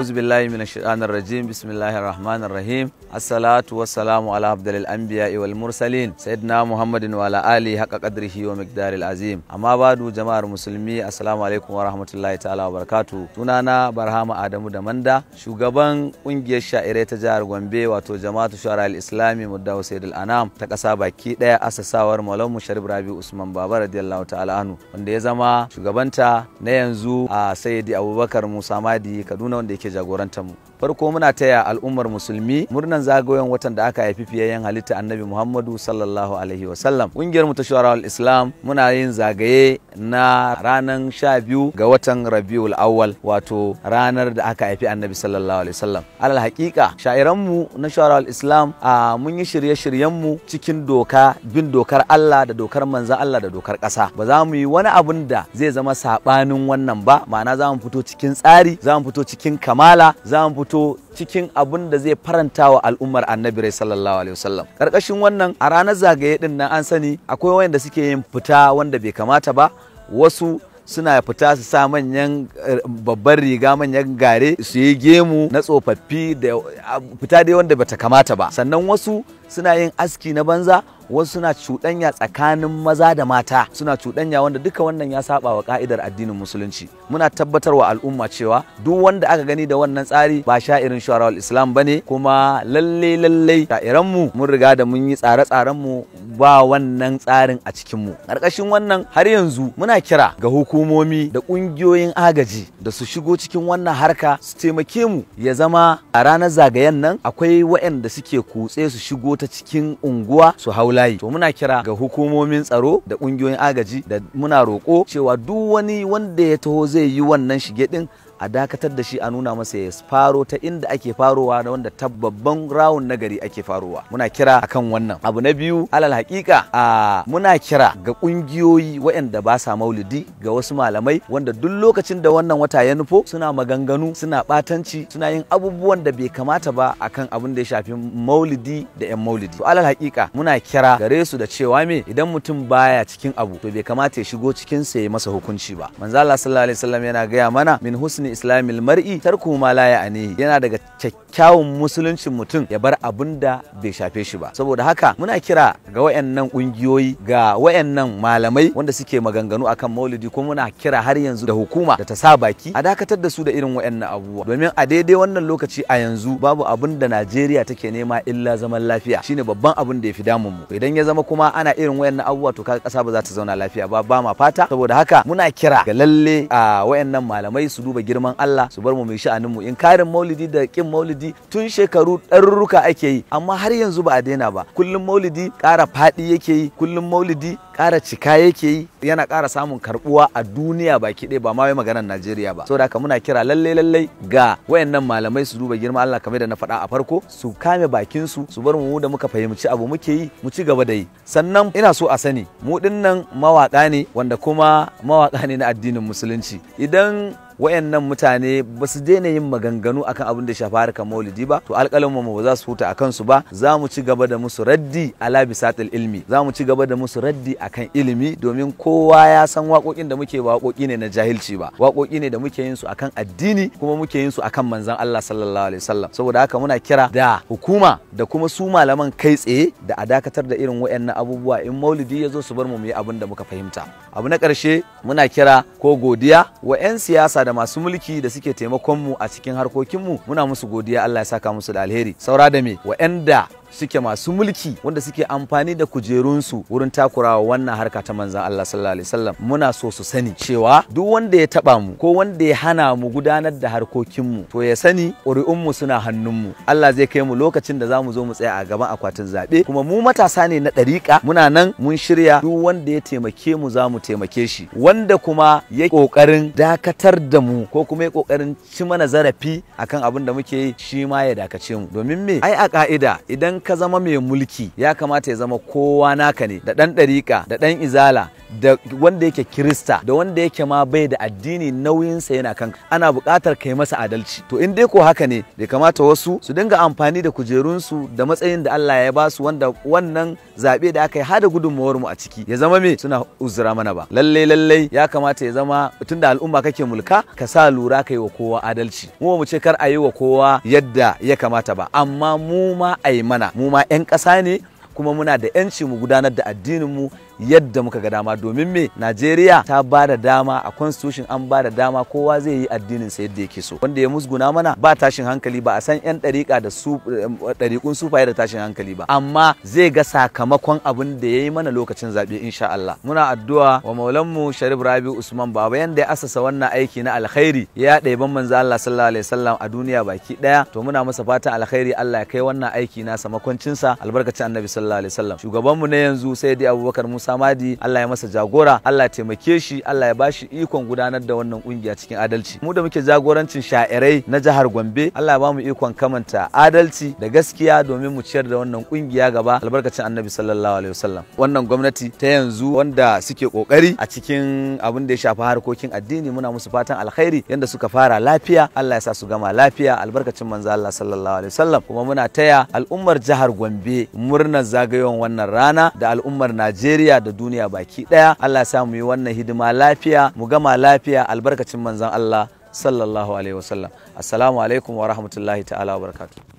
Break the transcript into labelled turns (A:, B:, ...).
A: a'udhu billahi minash shaitanir rajim bismillahir ala abdalil anbiya'i wal mursalin sayyidina muhammadin ali haqa qadrihi azim amma jama'ar musulmi assalamu alaikum wa sunana barhama adamu da manda shugaban ƙungiyar sha'irai ta jihar gombe wato jama'atu shuara al islami muddahu sayyidul anam ta ƙasa baki daya asasawar maulana musharif rabi usman baba radiyallahu ta'ala anhu wanda ya zama shugabanta na yanzu a sayyidi abubakar musa madi kaduna wanda ke. ke jagorantar mu farko muna taya al'ummar musulmi murnan zagayen watan da aka haifi fiyayyen halitta annabi muhammadu sallallahu alaihi sallam ƙungiyar mu ta shuwarar islam muna yin zagaye na ranar sha biyu ga watan rabiul awwal wato ranar da aka haifi annabi sallallahu alaihi wa sallam alal haƙiƙa mu na shawarar islam a mun yi shirye mu cikin doka bin dokar allah da dokar manzan allah da dokar ƙasa ba za mu yi wani abun da zai zama saɓanin wannan ba ma'ana za mu fito cikin tsari za mu fito cikin kamala za mu fito fito cikin abin da zai faranta wa al'ummar annabi rai sallallahu alaihi wasallam karkashin wannan a ranar zagaye din nan an sani akwai wayanda suke yin fita wanda bai kamata ba wasu suna fita su sa manyan eh, babban riga manyan gare su yi gemu na tsofaffi da fita da wanda bata kamata ba sannan wasu suna yin aski na banza wasu suna cuɗanya tsakanin maza da mata suna cuɗanya wanda duka wannan ya saba wa ka'idar addinin musulunci muna tabbatar wa al'umma cewa duk wanda aka gani da wannan tsari ba sha irin shawarar islam ba ne. kuma lallai lallai ta'iranmu mun riga da mun yi tsare tsarenmu ba wannan tsarin a cikin mu ƙarƙashin wannan har yanzu muna kira ga hukumomi da ƙungiyoyin agaji da su shigo cikin wannan harka su taimake mu ya zama a ranar zagayen nan akwai waɗanda suke kutse su shigo ta cikin unguwa su hau layi to muna kira ga hukumomin tsaro da ƙungiyoyin agaji da muna roƙo cewa duk wani wanda ya taho zai yi wannan shige ɗin a dakatar da shi a nuna masa ya faro ta inda ake farowa da wanda ta babban rawun nagari ake farowa muna kira akan wannan abu na biyu alal hakika a muna kira ga kungiyoyi waɗanda ba sa maulidi ga wasu malamai wanda duk lokacin da wannan wata ya nufo suna maganganu suna batanci suna yin abubuwan da bai kamata ba akan abin da ya shafi maulidi da yan maulidi to alal hakika muna kira gare su da cewa me idan mutum baya cikin abu to bai kamata ya shigo cikin sa ya masa hukunci ba manzo Allah sallallahu alaihi wasallam yana gaya mana min husni islamil mar'i tarku ma la ya'ani yana daga kyawun musuluncin mutum ya bar abin da bai shafe shi ba saboda haka muna kira ga wayannan kungiyoyi ga wayannan malamai wanda suke maganganu akan maulidi kuma muna kira har yanzu da hukuma da ta sa baki a dakatar da su da irin wayannan abubuwa domin a daidai wannan lokaci a yanzu babu abin da Najeriya take nema illa zaman lafiya shine babban abin da ya fi damun mu idan ya zama kuma ana irin wayannan abubuwa to kaga kasa ba za ta zauna lafiya ba ba ma fata saboda haka muna kira ga lalle a wayannan malamai su duba girman Allah su bar mu mai sha'anin mu in karin maulidi da kin maulidi maulidi tun shekaru ɗarurruka ake yi amma har yanzu ba a daina ba kullum maulidi ƙara faɗi yake yi kullum maulidi kara cika yake yi yana kara samun karbuwa a duniya baki ɗaya ba ma wai maganar Najeriya ba saboda haka muna kira lalle lalle ga wayannan malamai su duba girma Allah kamar da na faɗa a farko su kame bakin su su bar mu da muka fahimci abu muke yi mu ci gaba da yi sannan ina so a sani mu dinnan mawaka ne wanda kuma mawaka ne na addinin musulunci idan wayannan mutane ba su daina yin maganganu akan abin da shafa harkar maulidi ba to alƙalin mu ba za su huta akan su ba za mu ci gaba da musu raddi ala bisatil ilmi za mu ci gaba da musu raddi a akan ilimi domin kowa ya san waƙoƙin da muke ba waƙoƙi ne na jahilci ba waƙoƙi ne da muke yin su akan addini kuma muke yin su akan manzon Allah sallallahu alaihi wasallam saboda haka muna kira da hukuma da kuma su malaman kai tsaye da a dakatar da irin waɗannan abubuwa in maulidi ya zo su bar mu mu yi abin da muka fahimta abu na ƙarshe muna kira ko godiya wa 'yan siyasa da masu mulki da suke taimakon mu a cikin harkokin mu muna musu godiya Allah ya saka musu da alheri saura da me wa da. suke masu mulki wanda suke amfani da kujerunsu wurin takurawa wannan harka ta manzan Allah sallallahu alaihi wasallam muna so su sani cewa duk wanda ya taba mu ko wanda ya hana mu gudanar da harkokinmu to ya sani ƙuri'unmu suna hannun mu. Allah zai kai mu lokacin da za mu zo mu tsaya a gaban akwatin zaɓe kuma mu matasa ne na ɗariƙa muna nan mun shirya duk wanda ya taimake mu za mu taimake shi wanda kuma ya ƙoƙarin dakatar da mu ko kuma ya ƙoƙarin ci mana zarafi akan abin da muke yi shi ma ya dakace mu domin me ai a ƙa'ida idan ka zama mai mulki ya kamata ya zama kowa naka ne da ɗan ɗariƙa da ɗan izala da wanda yake kirista da wanda yake ma bai da addini nauyinsa yana kanka. ana buƙatar kai masa adalci to in dai ko haka ne bai kamata wasu su dinga amfani da kujerunsu da matsayin da Allah ya ba su wanda wannan zaɓe da aka yi hada gudunmawar mu a ciki ya zama me suna uzura mana ba lallai lallai ya kamata ya zama tunda al'umma kake mulka ka sa lura ka yi wa kowa adalci mu mu ce kar a yi wa kowa yadda ya kamata ba amma mu ma a yi mana mu ma 'yan ƙasa ne kuma muna da 'yanci mu gudanar da addinin mu. yadda muka ga dama domin me Najeriya ta ba da dama a constitution an ba da dama kowa zai yi addinin sa yadda yake so wanda ya musguna mana ba tashin hankali ba a san yan dariƙa da su dariƙun sufaye da tashin hankali ba amma zai ga sakamakon abin da ya yi mana lokacin zaɓe insha Allah muna addu'a wa maulanmu Sharif Rabi Usman Baba yanda ya asasa wannan aiki na alkhairi ya ɗaiban manzo Allah sallallahu alaihi wasallam a duniya baki daya to muna masa fatan alkhairi Allah ya kai wannan aiki nasa sa albarkacin Annabi sallallahu alaihi wasallam shugabanmu na yanzu sai dai Abubakar Musa Samadi Allah ya masa jagora Allah ya taimake shi Allah ya bashi ikon gudanar da wannan kungiya cikin adalci mu da muke jagorancin sha'irai na jihar Gombe Allah ya bamu ikon kamanta adalci da gaskiya domin mu ciyar da wannan kungiya gaba albarkacin Annabi sallallahu alaihi wasallam wannan gwamnati ta yanzu wanda suke kokari a cikin abin da ya shafi harkokin addini muna musu fatan alkhairi yanda suka fara lafiya Allah ya sa su gama lafiya albarkacin manzo Allah sallallahu alaihi wasallam kuma muna taya al'ummar jihar Gombe murnar zagayowar wannan rana da al'ummar Najeriya da duniya baki daya Allah ya mu yi wannan hidima lafiya mu gama lafiya albarkacin manzon Allah sallallahu alaihi wasallam assalamu alaikum wa rahmatullahi ta'ala wa barakatuh